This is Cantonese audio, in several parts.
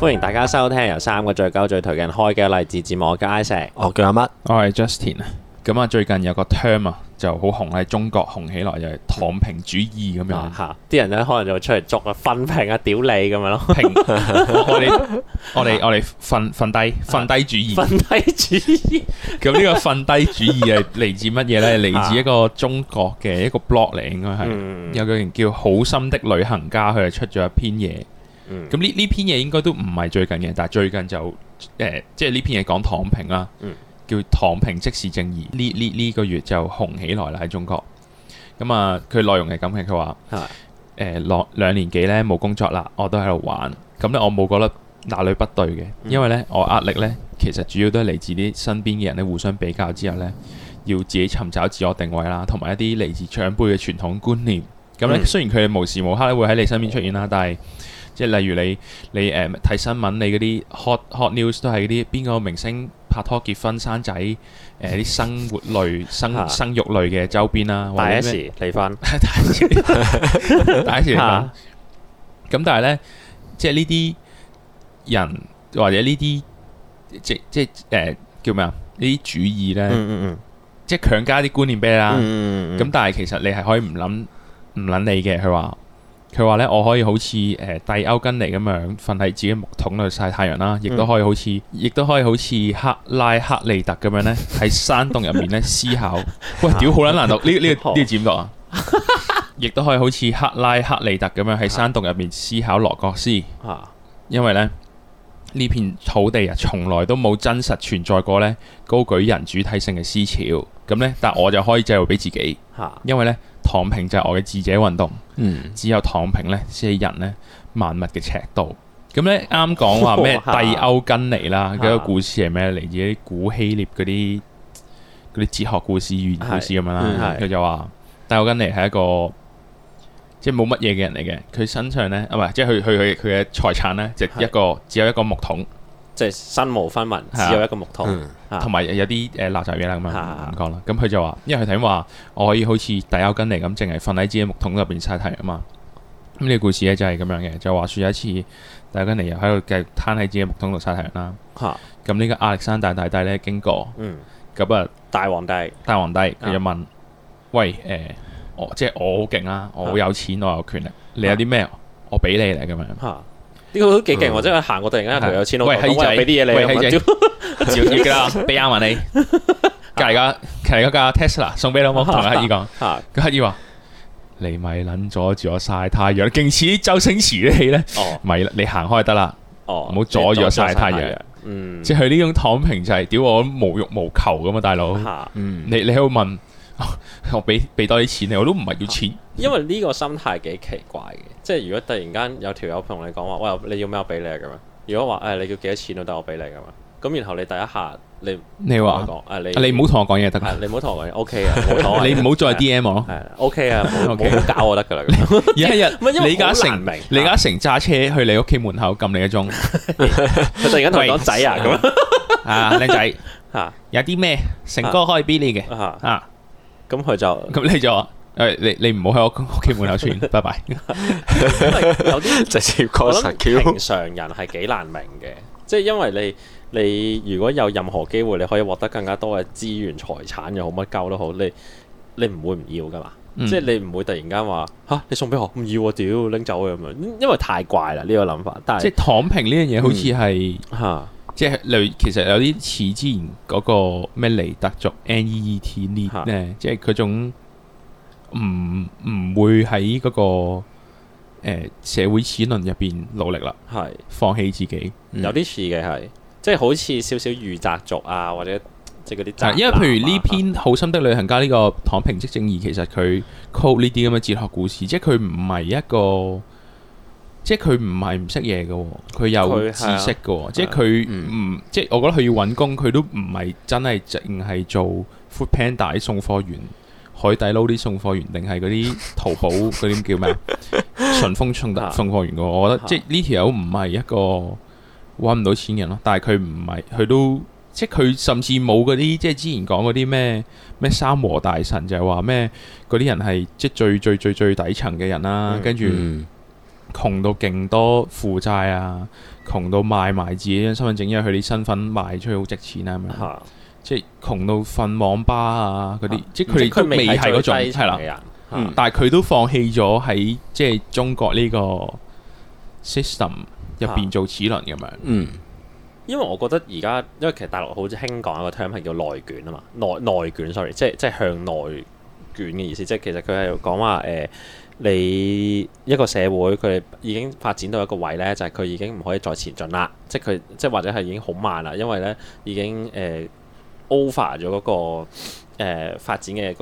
歡迎大家收聽由三個最高最頹近開嘅勵志節目《街石》。我叫阿乜，我係 Justin 啊。咁啊，最近有個 term 啊，就好紅喺中國紅起來，就是，就係躺平主義咁樣。吓，啲 人咧可能就會出嚟捉啊，瞓平啊，屌你咁樣咯。我哋 我哋我哋瞓瞓低瞓 低主義，瞓、 嗯、低主義。咁 呢 個瞓低主義係嚟自乜嘢呢？嚟 自一個中國嘅一個 blog 嚟，應該係有個人叫好心的旅行家，佢係出咗一篇嘢。咁呢呢篇嘢應該都唔係最近嘅，但係最近就誒、呃，即係呢篇嘢講躺平啦，嗯、叫躺平即是正義。呢呢呢個月就紅起來啦喺中國。咁啊，佢內容係咁嘅，佢話誒兩年幾呢冇工作啦，我都喺度玩。咁呢，我冇覺得哪裏不對嘅，嗯、因為呢，我壓力呢其實主要都係嚟自啲身邊嘅人咧互相比較之後呢，要自己尋找自我定位啦，同埋一啲嚟自長輩嘅傳統觀念。咁呢，嗯、雖然佢哋無時無刻咧會喺你身邊出現啦，但係。即係例如你你誒睇新聞，你嗰啲 hot hot news 都係嗰啲邊個明星拍拖結婚生仔，誒啲生活類生生育類嘅周邊啦，第一時離婚，第一時離婚。咁但係咧，即係呢啲人或者呢啲即即誒叫咩啊？呢啲主意咧，即係強加啲觀念俾你啦。咁但係其實你係可以唔諗唔諗你嘅，佢話。佢話咧，我可以好似誒帝歐根尼咁樣瞓喺自己木桶度曬太陽啦，亦都可以好似，亦都、嗯、可以好似克拉克利特咁樣咧，喺 山洞入面咧、啊、思考。喂，啊、屌好撚難讀，呢呢個呢個字點讀啊！亦都可以好似克拉克利特咁樣喺山洞入面思考邏各斯啊。啊，因為咧呢片土地啊，從來都冇真實存在過咧高舉人主體性嘅思潮。咁、嗯、咧，但我就可以借俾自己。嚇，因為咧。躺平就係我嘅智者運動，嗯、只有躺平咧先係人咧萬物嘅尺度。咁咧啱講話咩？帝歐根尼啦，嗰 個故事係咩？嚟自啲古希臘嗰啲嗰啲哲學故事、寓言故事咁樣啦。佢、嗯、就話帝歐根尼係一個即係冇乜嘢嘅人嚟嘅，佢身上咧啊唔係，即係佢佢佢佢嘅財產咧就一個是只有一個木桶。即係身無分文，只有一個木桶，同埋有啲誒垃圾嘢啦咁樣唔講啦。咁佢就話，因為佢頭先話，我可以好似大歐根尼咁，淨係瞓喺自己木桶入邊曬太陽啊嘛。咁呢個故事咧就係咁樣嘅，就話說有一次大歐根尼又喺度繼續攤喺自己木桶度曬太陽啦。咁呢個亞歷山大大帝咧經過，咁啊大皇帝，大皇帝佢就問：，喂，誒，我即係我好勁啦，我好有錢，我有權力，你有啲咩？我俾你嚟咁樣。呢個都幾勁，或者行過突然間又有錢佬喂，乞兒就俾啲嘢你，招招月噶啦，俾廿萬你。隔籬噶，隔籬嗰架 Tesla 送俾你好冇？同乞兒講，乞兒話你咪撚阻住我曬太陽，勁似啲周星馳啲戲咧，咪啦，你行開就得啦，唔好阻住我曬太陽。嗯，即係呢種躺平就係屌我無欲無求咁啊，大佬。嗯，你你喺度問。我俾俾多啲錢你，我都唔係要錢。因為呢個心態幾奇怪嘅，即係如果突然間有條友同你講話，喂，你要咩要我俾你咁樣？如果話誒，你要幾多錢都得，我俾你咁樣，咁然後你第一下你你話我講，你唔好同我講嘢得啦，你唔好同我講嘢，OK 啊，你唔好再 DM 我 OK 啊，搞好教我得噶啦。一日李嘉誠李嘉誠揸車去你屋企門口撳你個鐘，突然間同你講仔啊咁啊，靚仔啊，有啲咩？成哥開 B 哩嘅啊。咁佢就咁匿咗，誒你你唔好喺我屋企門口串，現，拜拜。因為有啲 直接講，平常人係幾難明嘅，即係因為你你如果有任何機會，你可以獲得更加多嘅資源財產又好，乜鳩都好，你，你你唔會唔要噶嘛？嗯、即係你唔會突然間話嚇你送俾我唔、啊、要，要、啊，我屌拎走咁樣，因為太怪啦呢、呢個諗法。但係即係躺平呢樣嘢好似係嚇。啊。即係類，其實有啲似之前嗰個咩尼特族 n e, e t 呢，n e, 是即係嗰種唔唔會喺嗰、那個誒、欸、社會齒輪入邊努力啦，係是放棄自己，嗯、有啲似嘅係，即係好似少少御宅族啊，或者即係嗰啲，因為譬如呢篇《好心的旅行家》呢個躺平即正義，嗯、其實佢 call 呢啲咁嘅哲學故事，嗯、即係佢唔係一個。即係佢唔係唔識嘢嘅，佢有知識嘅、哦。他即係佢唔即係，我覺得佢要搵工，佢、嗯、都唔係真係淨係做 Food Panda 送貨員、海底撈啲送貨員，定係嗰啲淘寶嗰啲叫咩？順豐送送貨員 我覺得 即係呢條友唔係一個搵唔到錢人咯。但係佢唔係，佢都即係佢甚至冇嗰啲，即係之前講嗰啲咩咩三和大神就，就係話咩嗰啲人係即係最最最最底層嘅人啦。跟住。窮到勁多負債啊！窮到賣埋自己張身份證，因為佢啲身份賣出去好值錢啊！咁樣、啊，即係窮到瞓網吧啊嗰啲，即係佢都未係嗰種係、啊、啦。啊嗯、但係佢都放棄咗喺即係中國呢個 system 入邊做齒輪咁樣、啊啊。嗯，因為我覺得而家因為其實大陸好似興講一個 term 係叫內卷啊嘛，內內卷 sorry，即係即係向內卷嘅意思，即係其實佢係講話誒。呃呃你一個社會佢已經發展到一個位呢，就係、是、佢已經唔可以再前進啦。即係佢，即係或者係已經好慢啦，因為呢已經誒、呃、over 咗嗰、那個誒、呃、發展嘅嗰、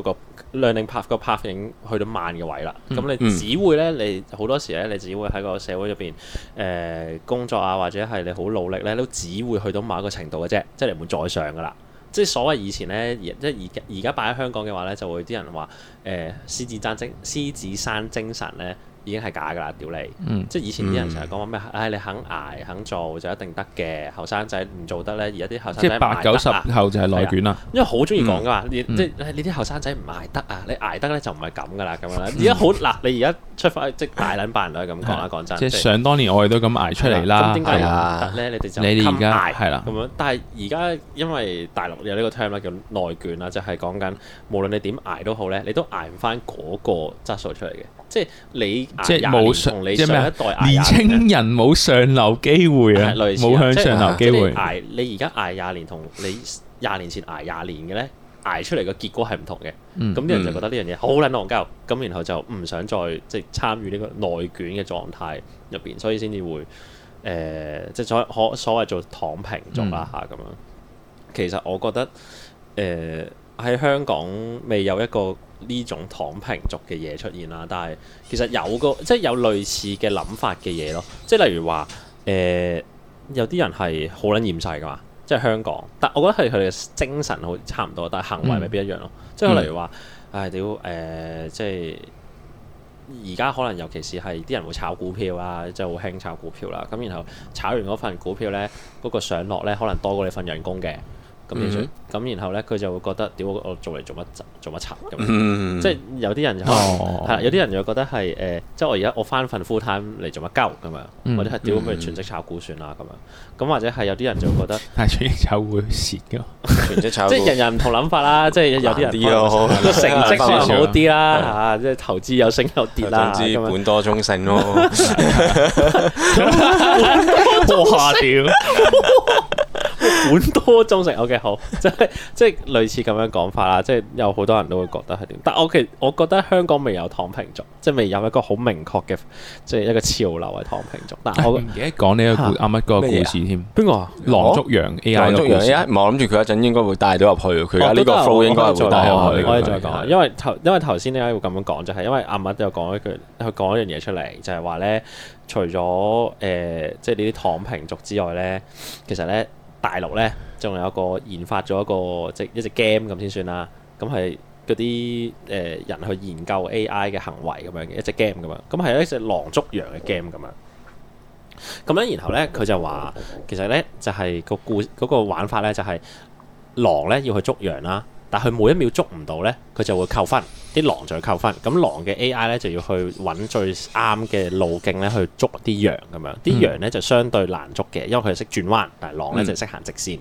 那個 learning path，個 path 已經去到慢嘅位啦。咁、嗯、你只會呢，你好多時呢，你只會喺個社會入邊誒工作啊，或者係你好努力呢，都只會去到某一個程度嘅啫，即係你唔會再上噶啦。即係所謂以前咧，而即係而家。而家擺喺香港嘅話咧，就會有啲人話，誒，獅子爭精，獅子山精神咧。已經係假㗎啦！屌你，即係以前啲人成日講話咩？唉，你肯捱肯做就一定得嘅。後生仔唔做得咧，而家啲後生仔即八九十後就係內卷啦。因為好中意講噶嘛，你即係你啲後生仔唔捱得啊！你捱得咧就唔係咁噶啦，咁樣啦。而家好嗱，你而家出翻即大撚扮女咁講啦，講真。即係想當年我哋都咁捱出嚟啦，係點解捱咧？你哋就你哋而家捱係啦。咁樣，但係而家因為大陸有呢個 term 啦，叫內卷啦，就係講緊無論你點捱都好咧，你都捱唔翻嗰個質素出嚟嘅。即係你，你即係冇上一代，年青人，冇上流機會啊！冇向上流機會。捱你而家捱廿年，同你廿年前捱廿年嘅咧，捱出嚟嘅結果係唔同嘅。咁啲、嗯、人就覺得呢樣嘢好撚戇鳩，咁、嗯、然後就唔想再即係、就是、參與呢個內卷嘅狀態入邊，所以先至會誒、呃、即係所可所謂做躺平族啦嚇咁樣。嗯、其實我覺得誒喺、呃、香港未有一個。呢種躺平族嘅嘢出現啦，但係其實有個即係有類似嘅諗法嘅嘢咯，即係例如話誒、呃，有啲人係好撚厭世㗎嘛，即係香港，但我覺得係佢哋嘅精神好差唔多，但係行為未必一樣咯、嗯哎呃。即係例如話，唉屌誒，即係而家可能尤其是係啲人會炒股票即啊，好興炒股票啦。咁然後炒完嗰份股票咧，嗰、那個上落咧，可能多過你份人工嘅。咁然，咁然後咧，佢就會覺得屌，我做嚟做乜做乜炒咁。即係有啲人又係有啲人又覺得係誒，即係我而家我返份 full time 嚟做乜交咁樣，或者係屌佢全職炒股算啦咁樣。咁或者係有啲人就會覺得係全職炒股蝕嘅，全職即係人人唔同諗法啦。即係有啲人成績好啲啦，嚇！即係投資有升有跌啦，總之本多終勝咯。哇屌！本 多終勝，OK 好，即係即係類似咁樣講法啦，即係有好多人都會覺得係點，但我其實我覺得香港未有躺平族，即係未有一個好明確嘅，即係一個潮流嘅躺平族。但我唔記得講呢個啱啱嗰個故事添，邊個啊？羅竹洋 A I 嘅故事，我諗住佢一陣應該會帶到入去，佢呢個 flow、哦、應該會帶入去、哦。我可以再講對，因為頭因為頭先呢位會咁樣講就係、是、因為阿乜有講一句，佢講一樣嘢出嚟就係話咧，除咗誒、呃、即係呢啲躺平族之外咧，其實咧。大陸咧，仲有一個研發咗一個即係一隻 game 咁先算啦。咁係嗰啲誒人去研究 AI 嘅行為咁樣嘅一隻 game 咁樣。咁係一隻狼捉羊嘅 game 咁樣。咁咧，然後咧，佢就話其實咧就係、係、個故嗰、嗰個、玩法咧就係、係、狼咧要去捉羊啦。但佢每一秒捉唔到呢，佢就會扣分。啲狼就會扣分，咁狼嘅 A I 呢，就要去揾最啱嘅路徑呢去捉啲羊咁樣。啲、嗯、羊呢，就相對難捉嘅，因為佢係識轉彎，但係狼呢，就識行直線。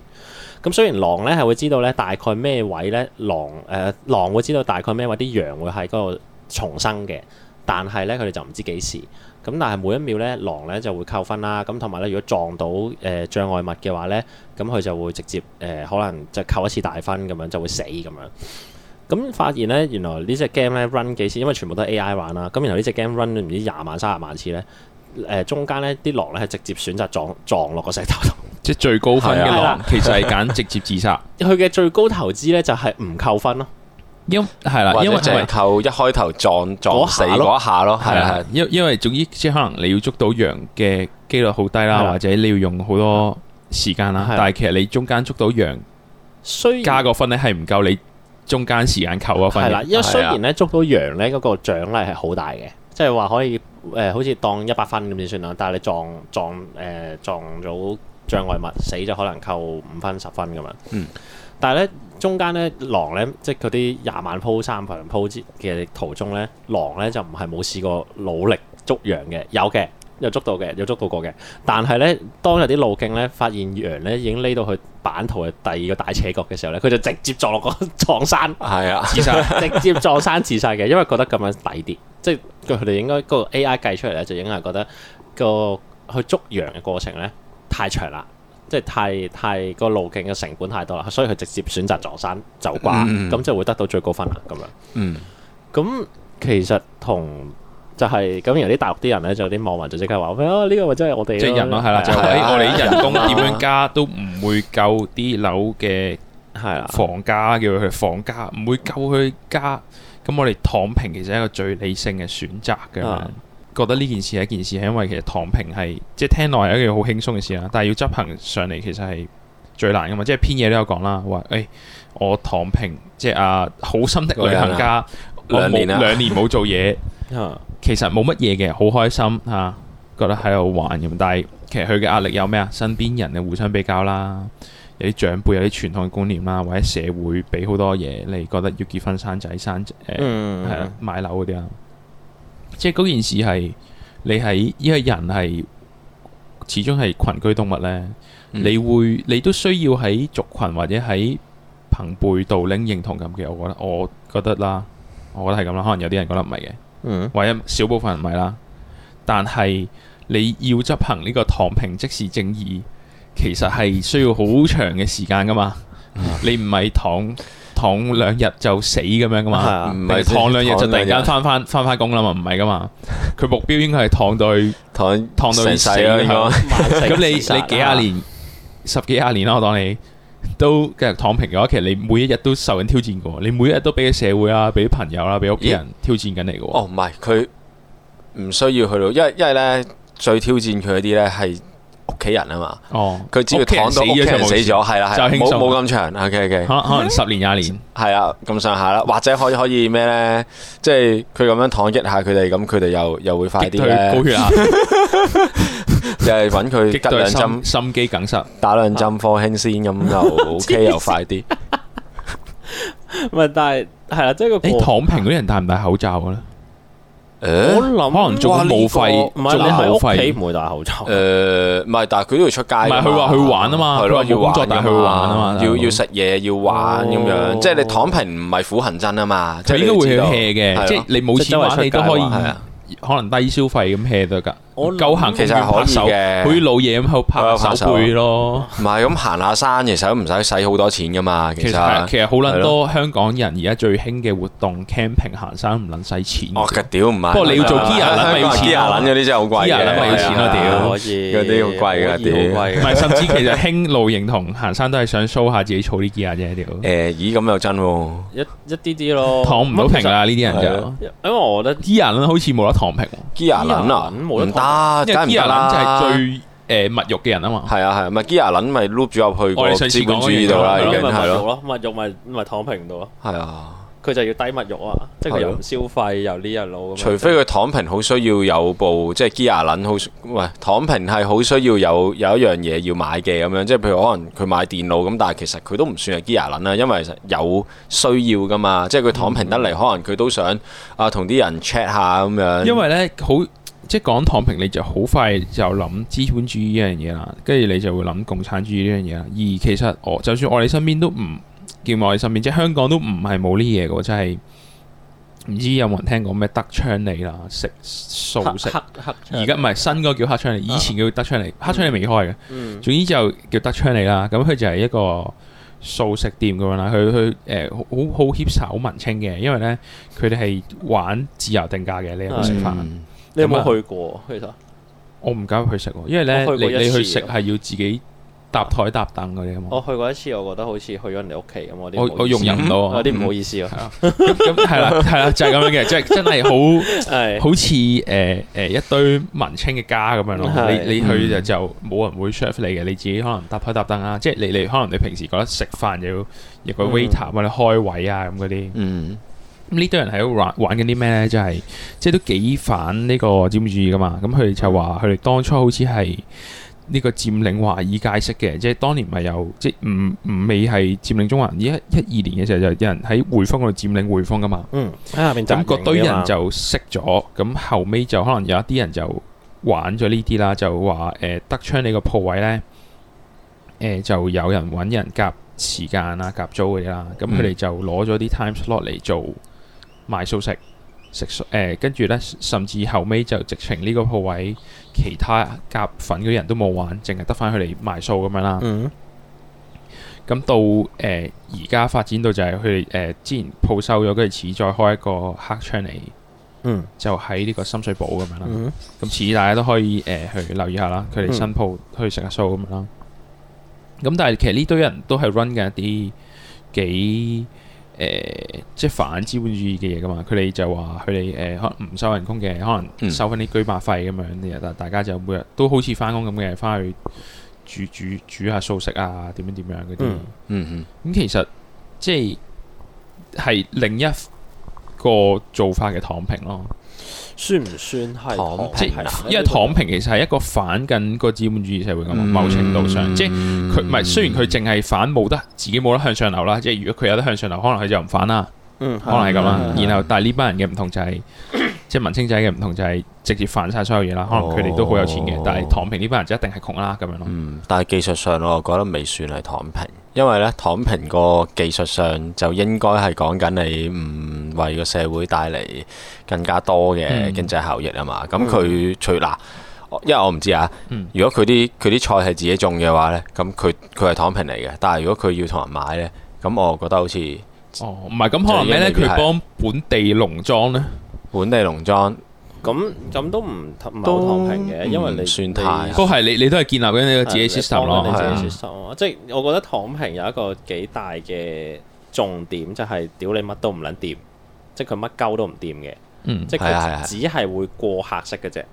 咁雖然狼呢係會知道呢大概咩位呢，狼誒、呃、狼會知道大概咩位啲羊會喺嗰度重生嘅，但係呢，佢哋就唔知幾時。咁但係每一秒咧狼咧就會扣分啦，咁同埋咧如果撞到誒、呃、障礙物嘅話咧，咁佢就會直接誒、呃、可能就扣一次大分咁樣就會死咁樣。咁、嗯、發現咧原來呢隻 game 咧 run 幾次，因為全部都係 A.I. 玩啦，咁然後呢隻 game run 唔知廿萬、三十萬次咧，誒、呃、中間咧啲狼咧係直接選擇撞撞落個石頭度，即係最高分嘅狼其實係揀直接自殺。佢嘅 最高投資咧就係、是、唔扣分咯。因係啦，或者就係扣一開頭撞撞死嗰下咯，係啊，因因為總之即係可能你要捉到羊嘅幾率好低啦，或者你要用好多時間啦，但係其實你中間捉到羊，雖加個分咧係唔夠你中間時間扣個分。係啦，因為雖然咧捉到羊咧嗰個獎勵係好大嘅，即係話可以誒好似當一百分咁就算啦，但係你撞撞誒撞咗障礙物死咗，可能扣五分、十分咁樣。嗯，但係咧。中間咧狼咧，即係嗰啲廿萬鋪、三萬鋪之嘅途中咧，狼咧就唔係冇試過努力捉羊嘅，有嘅，有捉到嘅，有捉到過嘅。但係咧，當有啲路徑咧，發現羊咧已經匿到去版圖嘅第二個大斜角嘅時候咧，佢就直接撞落個撞山，係啊，自殺， 直接撞山自殺嘅，因為覺得咁樣抵啲，即係佢哋應該個 A I 計出嚟咧，就應該係覺得個去捉羊嘅過程咧太長啦。即係太太個路徑嘅成本太多啦，所以佢直接選擇撞，撞山就啩，咁就會得到最高分啦咁樣。嗯，咁其實同就係、是、咁，有啲大陸啲人咧就啲網民就，刻、oh，就即刻話咩啊？呢個咪真係我哋即係人咯，係啦，就係我哋啲人工點樣加都唔會夠啲樓嘅係啦，房價叫佢去，房價，唔會夠佢加。咁我哋躺平其實係一個最理性嘅選擇咁覺得呢件事係一件事，係因為其實躺平係即係聽落係一件好輕鬆嘅事啦，但係要執行上嚟其實係最難㗎嘛。即係篇嘢都有講啦，話誒、欸、我躺平，即係啊好心的旅行家，我冇兩年冇、啊、做嘢， 其實冇乜嘢嘅，好開心吓、啊，覺得喺度玩咁。但係其實佢嘅壓力有咩啊？身邊人嘅互相比較啦，有啲長輩有啲傳統嘅觀念啦，或者社會俾好多嘢，你覺得要結婚生仔生誒係啊買樓嗰啲啊。嗯即係嗰件事係，你喺依個人係始終係群居動物咧，嗯、你會你都需要喺族群或者喺朋輩度拎認同感嘅。我覺得，我覺得啦，我覺得係咁啦，可能有啲人覺得唔係嘅，嗯、或者少部分人唔係啦。但係你要執行呢個躺平即時正義，其實係需要好長嘅時間噶嘛。嗯、你唔係躺。躺兩日就死咁樣噶嘛，唔係躺兩日就突然間返返返返工啦嘛，唔係噶嘛。佢目標應該係躺到躺躺到死啦，應該。咁你你幾廿年十幾廿年啦，我當你都繼續躺平嘅話，其實你每一日都受緊挑戰嘅喎。你每一日都俾啲社會啊，俾啲朋友啦，俾屋企人挑戰緊你嘅喎。哦，唔係佢唔需要去到，因為因為咧最挑戰佢嗰啲咧係。屋企人啊嘛，佢只要躺到屋企人死咗，係啦。冇冇咁長，OK k 可能十年廿年，係啊咁上下啦，或者可以可以咩咧，即係佢咁樣躺一下佢哋，咁佢哋又又會快啲咧，就係揾佢打兩針心肌梗塞，打兩針科興先咁就 OK 又快啲。唔係，但係係啦，即係個你躺平嗰啲人戴唔戴口罩噶咧？我諗可能做啲冇費，做啲冇費唔會戴口罩。誒，唔係，但係佢都要出街。唔係佢話去玩啊嘛，佢話要玩，但係去玩啊嘛，要要食嘢，要玩咁樣。即係你躺平唔係苦行僧啊嘛，佢都會 hea 嘅。即係你冇錢玩，你都可以係啊。可能低消費咁 hea 都得。我夠行其實係可以嘅，好似老嘢咁去拍手背咯。唔係咁行下山，其實都唔使使好多錢㗎嘛。其實其實好撚多香港人而家最興嘅活動，camping 行山唔撚使錢。哦，嘅屌唔係。不過你要做 gear 撚要錢啊，gear 撚嗰啲真係好貴。gear 撚要錢啊，屌可以。嗰啲好貴㗎，屌唔係，甚至其實興露營同行山都係想 show 下自己儲啲 gear 啫，屌。誒咦咁又真喎？一一啲啲咯，躺唔到平㗎呢啲人就，因為我覺得 gear 撚好似冇得躺平，gear 撚冇得。啊，因為 gear 輪就係最誒物慾嘅人啊嘛，係啊係，咪 gear 輪咪 loop 住入去個資本主義度啦，已經係咯，物慾咪咪躺平度咯，係啊，佢就要低物慾啊，即係佢又唔消費又呢一攞，除非佢躺平好需要有部即係 gear 輪好，喂躺平係好需要有有一樣嘢要買嘅咁樣，即係譬如可能佢買電腦咁，但係其實佢都唔算係 gear 輪啦，因為有需要㗎嘛，即係佢躺平得嚟，可能佢都想啊同啲人 check 下咁樣，因為咧好。即係講躺平，你就好快就諗資本主義呢樣嘢啦，跟住你就會諗共產主義呢樣嘢啦。而其實我就算我哋身邊都唔叫我哋身邊，即係香港都唔係冇呢嘢嘅，真係唔知有冇人聽過咩德昌利啦，食素食而家唔係新嗰個叫黑昌利，以前叫德昌利，啊、黑昌利未開嘅、嗯。嗯，總之就叫德昌利啦。咁佢就係一個素食店咁樣啦。佢佢誒好好協好文青嘅，因為咧佢哋係玩自由定價嘅，你有冇食飯？的 你有冇去過？其實我唔敢去食，因為咧你去食係要自己搭台搭凳嗰啲。我去過一次，我覺得好似去咗人哋屋企咁。我我容忍唔到，有啲唔好意思咯。係啦係啦，就係咁樣嘅，即係真係好，好似誒誒一堆文青嘅家咁樣咯。你你去就就冇人會 serve 你嘅，你自己可能搭台搭凳啊，即係你你可能你平時覺得食飯要一個 waiter 幫你開位啊咁嗰啲。嗯。呢堆人喺度玩玩緊啲咩呢？就係、是、即係都幾反呢個佔主主義噶嘛。咁佢哋就話佢哋當初好似係呢個佔領華爾街式嘅，即係當年咪有即係唔唔未係佔領中環而一一,一二年嘅時候就有人喺匯豐嗰度佔領匯豐噶嘛。嗯，啊，明仔，個堆人就識咗，咁、嗯、後尾就可能有一啲人就玩咗呢啲啦，就話誒德昌呢個鋪位呢」呃，誒就有人揾人夾時、嗯、時間啦、夾租嘅啲啦。咁佢哋就攞咗啲 time slot 嚟做。賣素食食素誒，跟住咧，甚至後尾就直情呢個鋪位，其他夾粉嗰啲人都冇玩，淨係得返佢哋賣素咁樣啦。Mm hmm. 嗯。咁到誒而家發展到就係佢哋誒之前鋪收咗，跟住似再開一個黑窗嚟。嗯、mm。Hmm. 就喺呢個深水埗咁樣啦。嗯。咁似大家都可以誒去留意下啦，佢哋新鋪去食下素咁啦。咁但係其實呢堆人都係 run 緊一啲幾。誒、呃，即係反資本主義嘅嘢噶嘛？佢哋就話佢哋誒，可能唔收人工嘅，可能收翻啲居馬費咁樣啲嘢，嗯、但大家就每日都好似翻工咁嘅，翻去煮煮煮下素食啊，點樣點樣嗰啲，嗯。嗯嗯。咁、嗯、其實即係係另一個做法嘅躺平咯。算唔算係躺平？因為躺平其實係一個反緊個資本主義社會㗎嘛。某程度上，嗯、即係佢唔係雖然佢淨係反冇得自己冇得向上流啦，即係如果佢有得向上流，可能佢就唔反啦、嗯嗯。嗯，可能係咁啦。然後但係呢班人嘅唔同就係、是。即係文青仔嘅唔同就係直接犯晒所有嘢啦，可能佢哋都好有錢嘅，哦、但係躺平呢班人就一定係窮啦咁樣咯。嗯，但係技術上，我又覺得未算係躺平，因為咧躺平個技術上就應該係講緊你唔為個社會帶嚟更加多嘅經濟效益啊嘛。咁佢、嗯、除嗱、嗯，因為我唔知啊。嗯、如果佢啲佢啲菜係自己種嘅話咧，咁佢佢係躺平嚟嘅。但係如果佢要同人買咧，咁我覺得好似哦，唔係咁可能咩咧？佢幫本地農莊咧。本地農莊，咁咁都唔係好躺平嘅。因為你算太都係你你，你都係建立緊你，你，你自己 system 咯，即係我覺得躺平有一個幾大嘅重點，是的 就係屌你乜都唔撚掂，即係佢乜鳩都唔掂嘅，嗯，即係佢只係會過客式嘅啫。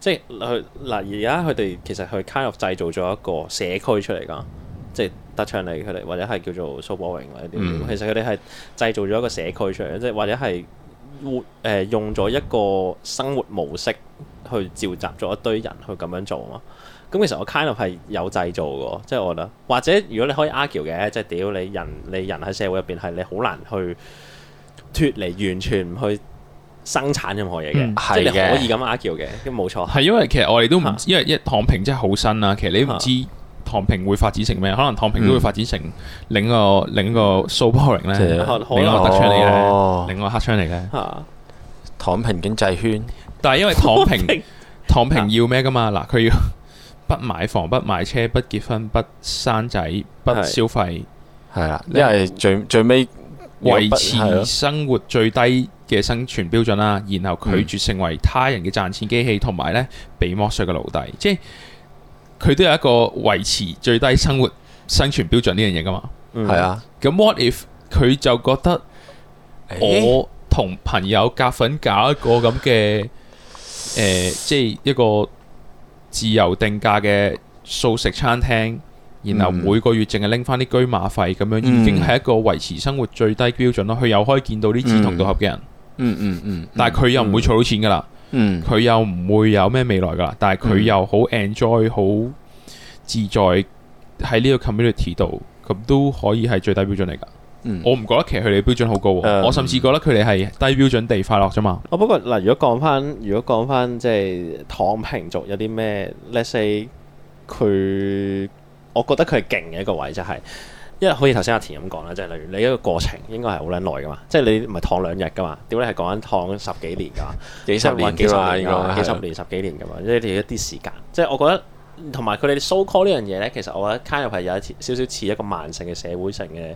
即係佢嗱而家佢哋其實佢 care kind of 製造咗一個社區出嚟㗎，即係德昌利佢哋或者係叫做蘇博榮或者點，嗯、其實佢哋係製造咗一個社區出嚟，即係或者係。活用咗一個生活模式去召集咗一堆人去咁樣做嘛，咁其實我 kind of 係有製造嘅，即係我覺得，或者如果你可以 argue 嘅，即係屌你人你人喺社會入邊係你好難去脫離完全唔去生產任何嘢嘅，嗯、即係可以咁 argue 嘅，冇錯。係因為其實我哋都唔，啊、因為一躺平真係好新啦，其實你都唔知。啊啊躺平會發展成咩？可能躺平都會發展成另一個、嗯、另一個 so boring 咧，另一個黑槍嚟嘅，另一個黑槍嚟嘅。躺平經濟圈，但係因為躺平，躺平唐瓶 要咩㗎嘛？嗱、啊，佢要不買房、不買車、不結婚、不生仔、不消費，係啊是，一係、嗯、最最尾維持生活最低嘅生存標準啦，的然後拒絕成為他人嘅賺錢機器，同埋咧被剝削嘅奴隸，即係。佢都有一個維持最低生活生存標準呢樣嘢噶嘛，係、嗯、啊。咁 what if 佢就覺得我同朋友夾粉搞一個咁嘅、呃，即係一個自由定價嘅素食餐廳，然後每個月淨係拎返啲車馬費咁樣，已經係一個維持生活最低標準咯。佢、嗯、又可以見到啲志同道合嘅人，嗯嗯嗯。嗯嗯嗯嗯，但係佢又唔會儲到錢噶啦。 嗯，佢又唔會有咩未來㗎，但係佢又好 enjoy 好自在喺呢個 community 度，咁都可以係最低標準嚟㗎。嗯，我唔覺得其實佢哋標準好高，嗯、我甚至覺得佢哋係低標準地快樂啫嘛。哦、嗯啊，不過嗱、呃，如果講返，如果講返即係躺平族有啲咩 Let's say，佢我覺得佢係勁嘅一個位就係、是。因為好似頭先阿田咁講啦，即係例如你一個過程應該係好撚耐噶嘛，即係你唔係躺兩日噶嘛，屌你係講緊躺十幾年噶，幾十年㗎嘛，幾十年十幾年㗎嘛，即係你一啲時間。即係我覺得同埋佢哋收 call 呢樣嘢咧，其實我覺得 carry 係有一少少似一個慢性嘅社會性嘅。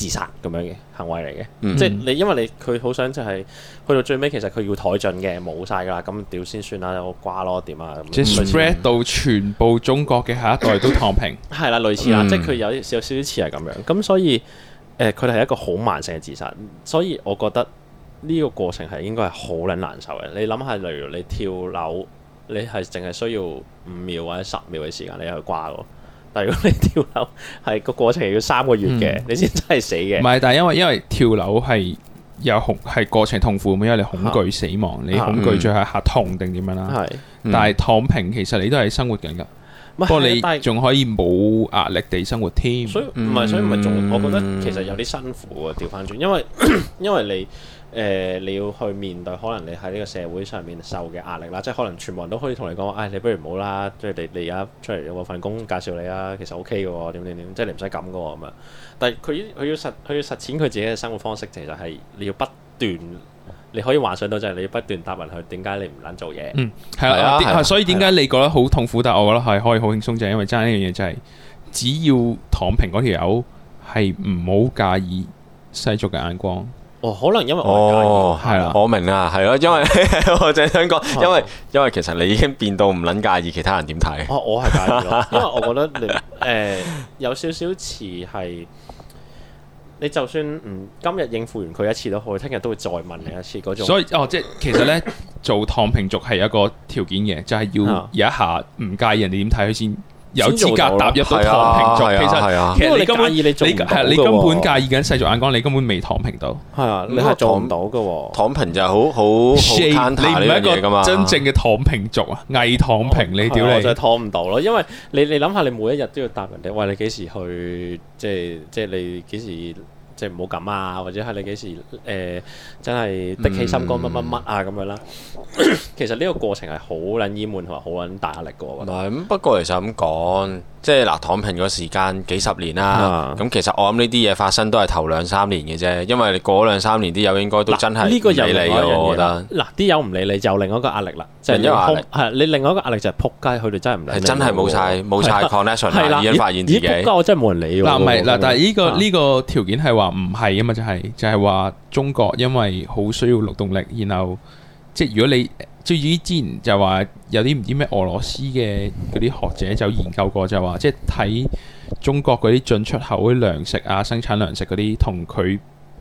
自殺咁樣嘅行為嚟嘅，mm hmm。即係你因為你佢好想就係、是、去到最尾，其實佢要抬盡嘅，冇晒㗎啦，咁屌先算啦，有個瓜咯點啊！即係 spread 到全部中國嘅下一代都躺平。係啦，類似啦，即係佢有少少似係咁樣。咁所以誒，佢、呃、係一個好慢性嘅自殺。所以我覺得呢個過程係應該係好撚難受嘅。你諗下，例如你跳樓，你係淨係需要五秒或者十秒嘅時間，你去瓜咯。但如果你跳樓係個過程要三個月嘅，嗯、你先真係死嘅。唔係，但係因為因為跳樓係有恐，係過程痛苦，因為你恐懼死亡，嗯、你恐懼最後下痛定點樣啦。係、嗯，但係躺平其實你都係生活緊噶，嗯、不過你仲可以冇壓力地生活添是。所以唔係，所以唔係，仲我覺得其實有啲辛苦啊。調返轉，因為 因為你。誒、呃，你要去面對可能你喺呢個社會上面受嘅壓力啦，即係可能全部人都可以同你講，唉、哎，你不如唔好啦，即係你你而家出嚟有份工介紹你啦，其實 OK 嘅喎，點點點，即係你唔使咁嘅喎咁樣。但係佢佢要實佢要實踐佢自己嘅生活方式，其實係你要不斷，你可以幻想到就係你要不斷答問佢，點解你唔撚做嘢？嗯，係啊，所以點解你覺得好痛苦，的但係我覺得係可以好輕鬆，就係因為爭呢樣嘢，就係只要躺平嗰條友係唔好介意世俗嘅眼光。哦，可能因為我係，係啦、哦，嗯、我明啊，係咯，因為 我就係想講，因為的因為其實你已經變到唔撚介意其他人點睇。哦，我係介意咯， 因為我覺得誒、呃、有少少似係你就算唔今日應付完佢一次都可以，聽日都會再問你一次嗰種。所以哦，即係其實咧做躺平族係一個條件嘅， 就係要有一下唔介意人哋點睇佢先。有資格踏入到躺平族，其實其實你根本你係你根本介意緊世俗眼光，你根本未躺平到，係啊，你係做唔到嘅喎。躺平就係好好，你唔係一個真正嘅躺平族啊，偽躺平，你屌你！我就係躺唔到咯，因為你你諗下，你每一日都要答人哋，喂，你幾時去？即係即係你幾時？即係唔好咁啊，或者係你幾時誒、呃、真係的起心肝乜乜乜啊咁樣啦。 其實呢個過程係好撚翳悶同埋好撚大壓力嘅喎。唔係咁不過，其實咁講。即係嗱，躺平嗰時間幾十年啦，咁其實我諗呢啲嘢發生都係頭兩三年嘅啫，因為你過咗兩三年啲友應該都真係唔理你。我覺得嗱，啲友唔理你，就另一個壓力啦。即係因為你另一個壓力就係撲街，佢哋真係唔理。係真係冇晒，冇晒 connection 啦，已經發現自己，撲街我真係冇人理㗎。嗱唔係嗱，但係呢個呢個條件係話唔係啊嘛，就係就係話中國因為好需要勞動力，然後即係如果你。至於之前就話有啲唔知咩俄羅斯嘅嗰啲學者就研究過，就話即係睇中國嗰啲進出口啲糧食啊、生產糧食嗰啲，同佢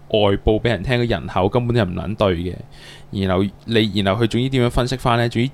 外部俾人聽嘅人口根本就唔撚對嘅。然後你然後佢總之點樣分析翻呢？至於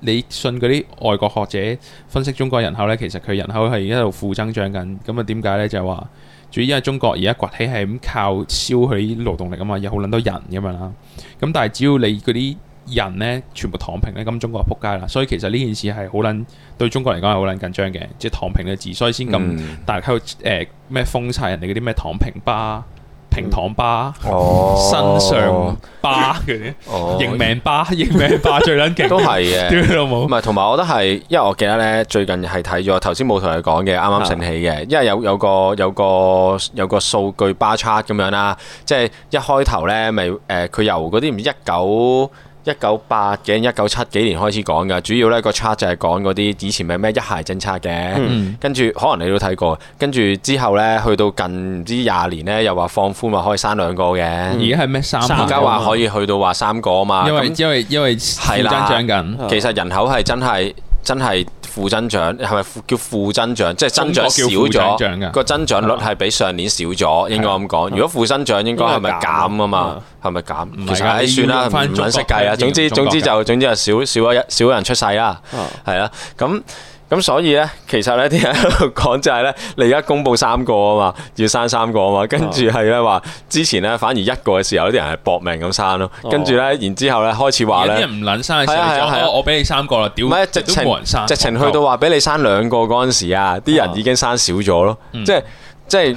你信嗰啲外國學者分析中國人口呢，其實佢人口係一路負增長緊。咁啊點解呢？就係話至於因為中國而家崛起係咁靠燒佢啲勞動力啊嘛，有好撚多人咁樣啦。咁但係只要你嗰啲。人咧全部躺平咧，咁中國就撲街啦。所以其實呢件事係好撚對中國嚟講係好撚緊張嘅，即係躺平嘅字，所以先咁大嚿誒咩封晒人哋嗰啲咩躺平吧、平躺吧、身上吧嗰啲認命吧、認命吧最撚勁都係嘅，唔係同埋我得係，因為我記得咧最近係睇咗頭先冇同你講嘅，啱啱醒起嘅，因為有有個有個有個數據巴叉 r 咁樣啦，即係一開頭咧咪誒佢由嗰啲唔知一九。一九八幾一九七幾年開始講㗎，主要呢、那個 chart 就係講嗰啲以前係咩一孩政策嘅，嗯、跟住可能你都睇過，跟住之後呢，去到近唔知廿年呢，又話放寬咪可以生兩個嘅，而家係話可以去到話三個啊嘛，因為因為因為係啦，那啊、其實人口係真係、嗯、真係。真負增長係咪叫負增長？即係增長少咗，個增、增長率係比上年少咗，嗯、應該咁講。嗯、如果負增長，應該係咪減啊嘛？係咪減？唔使、嗯、算啦，唔搵識計啊。總之總之就總之係少少咗一少人出世啦。係啊、嗯，咁。嗯咁所以咧，其實咧，啲人喺度講就係咧，你而家公布三個啊嘛，要生三個啊嘛，跟住係咧話，之前咧反而一個嘅時候，啲人係搏命咁生咯，哦、跟住咧，然之後咧開始話咧，啲人唔撚生嘅時候，我我俾你三個啦，屌，唔係，一直都冇人生，直情去到話俾你生兩個嗰陣時啊，啲、哦、人已經生少咗咯，嗯、即係即係。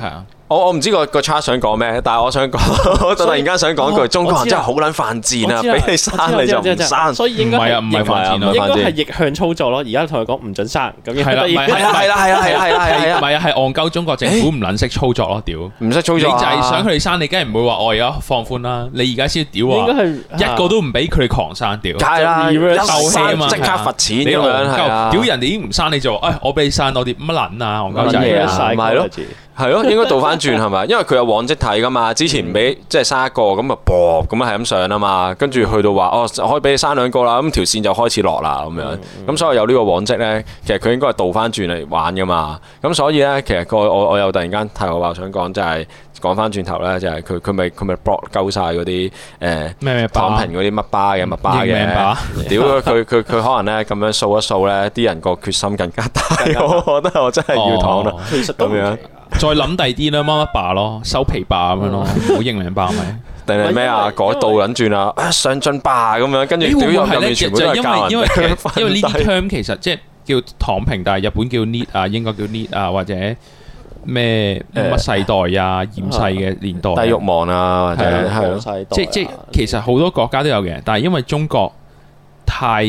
我我唔知個個 chart 想講咩，但係我想講，我突然間想講句，中國人真係好撚犯賤啊！俾你刪你就唔刪，唔係啊，唔係犯賤啊，應該係逆向操作咯。而家同佢講唔准刪，係啦，係啦，係啦，係啦，係啦，唔係啊，係戇鳩中國政府唔撚識操作咯，屌！唔識操作就係想佢哋刪，你梗係唔會話而家放寬啦。你而家先屌啊，一個都唔俾佢哋狂刪屌！梗係啦，鬥氣啊嘛，即刻罰錢，屌戇鳩，屌人哋已經唔刪你咗，哎，我俾你刪我啲乜撚啊，戇鳩仔啊，唔係咯。係咯， 應該倒翻轉係咪？因為佢有往績睇噶嘛，之前唔俾即係生一個咁啊，噃咁啊係咁上啊嘛，跟住去到話哦，可以俾你生兩個啦，咁條線就開始落啦咁樣。咁、嗯、所以有呢個往績咧，其實佢應該係倒翻轉嚟玩噶嘛。咁所以咧，其實我我又突然間提我話想講就係講翻轉頭咧，就係佢佢咪佢咪搏鳩晒嗰啲誒躺平嗰啲乜巴嘅乜巴嘅，屌佢佢佢可能咧咁樣掃一掃咧，啲人個決心更加大。加大，我覺得我真係要躺啦咁樣。哦再諗第啲啦，媽咪爸咯，收皮爸咁樣咯，唔好英明爸咪，定係咩啊？改道捻轉啊！上進爸咁樣，跟住屌入面全部係教人嘅。因為呢 term 其實即係叫躺平，但係日本叫 NEET 啊，英國叫 NEET 啊，或者咩乜世代啊，厭世嘅年代，低欲望啊，或者係咯，即係即係其實好多國家都有嘅，但係因為中國太。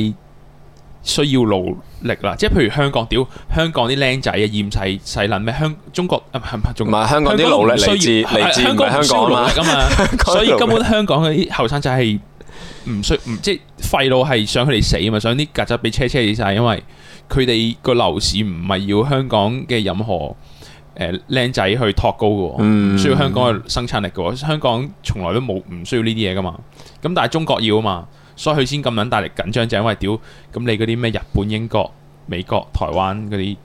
需要勞力啦，即係譬如香港屌香港啲靚仔啊，厭世細撚？咩？香中國啊，唔係，唔係，香港啲勞力嚟自嚟自唔係香港嘛？所以根本香港嗰啲後生仔係唔需唔，即係廢老係想佢哋死啊嘛！想啲曱甴俾車車死曬，因為佢哋個樓市唔係要香港嘅任何誒靚仔去托高嘅，唔需要香港嘅生產力嘅。香港從來都冇唔需要呢啲嘢噶嘛。咁但係中國要啊嘛。所以佢先咁樣大力緊張，就因為屌咁你嗰啲咩日本、英國、美國、台灣嗰啲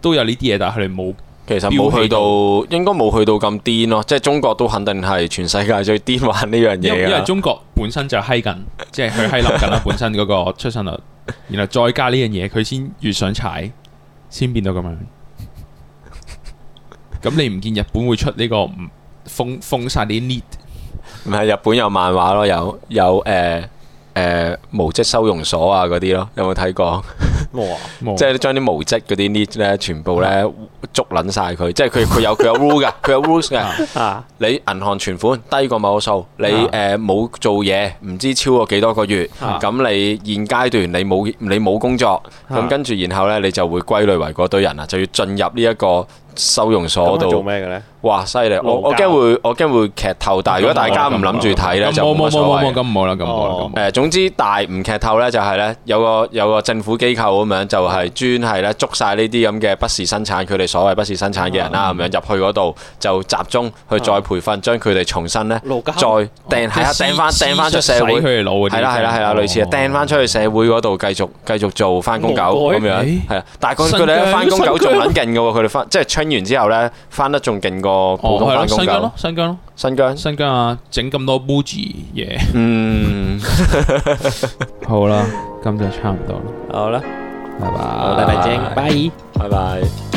都有呢啲嘢，但係佢哋冇，其實冇去到，應該冇去到咁癲咯。即係中國都肯定係全世界最癲玩呢樣嘢，因為中國本身就閪緊， 即係佢閪撚緊啦，本身嗰個出生率， 然後再加呢樣嘢，佢先越想踩，先變到咁樣。咁 你唔見日本會出呢個封封曬啲 need，唔係日本有漫畫咯，有有誒。呃誒，無職、呃、收容所啊，嗰啲咯，有冇睇過？冇啊，即係將啲無職嗰啲呢，全部咧捉撚晒佢。 即係佢佢有佢有 rule 嘅，佢有 rules 嘅。 你銀行存款低過某個數，你誒冇做嘢，唔、 呃、知超過幾多個月，咁 你現階段你冇你冇工作，咁 跟住然後咧，你就會歸類為嗰堆人啦，就要進入呢、這、一個。收容所度做咩嘅咧？哇，犀利！我我驚會我驚會劇透，但係如果大家唔諗住睇咧，就冇冇冇冇，咁冇啦，咁冇啦，咁冇。誒，總之大唔劇透咧，就係咧有個有個政府機構咁樣，就係專係咧捉晒呢啲咁嘅不事生產，佢哋所謂不事生產嘅人啦，咁樣入去嗰度就集中去再培訓，將佢哋重新咧再掟係啊掟翻掟翻出社會，係啦係啦係啦，類似掟翻出去社會嗰度繼續繼續做翻工狗咁樣，係啊，但係佢佢哋係翻工狗仲撚勁噶喎，佢哋翻即係。跟完之後咧，翻得仲勁過普通翻工咁。新疆咯，新疆咯，新疆，新疆啊！整咁多 boogie 嘢。嗯，好啦，咁就差唔多啦。好啦，拜拜。拜拜，拜拜。拜拜。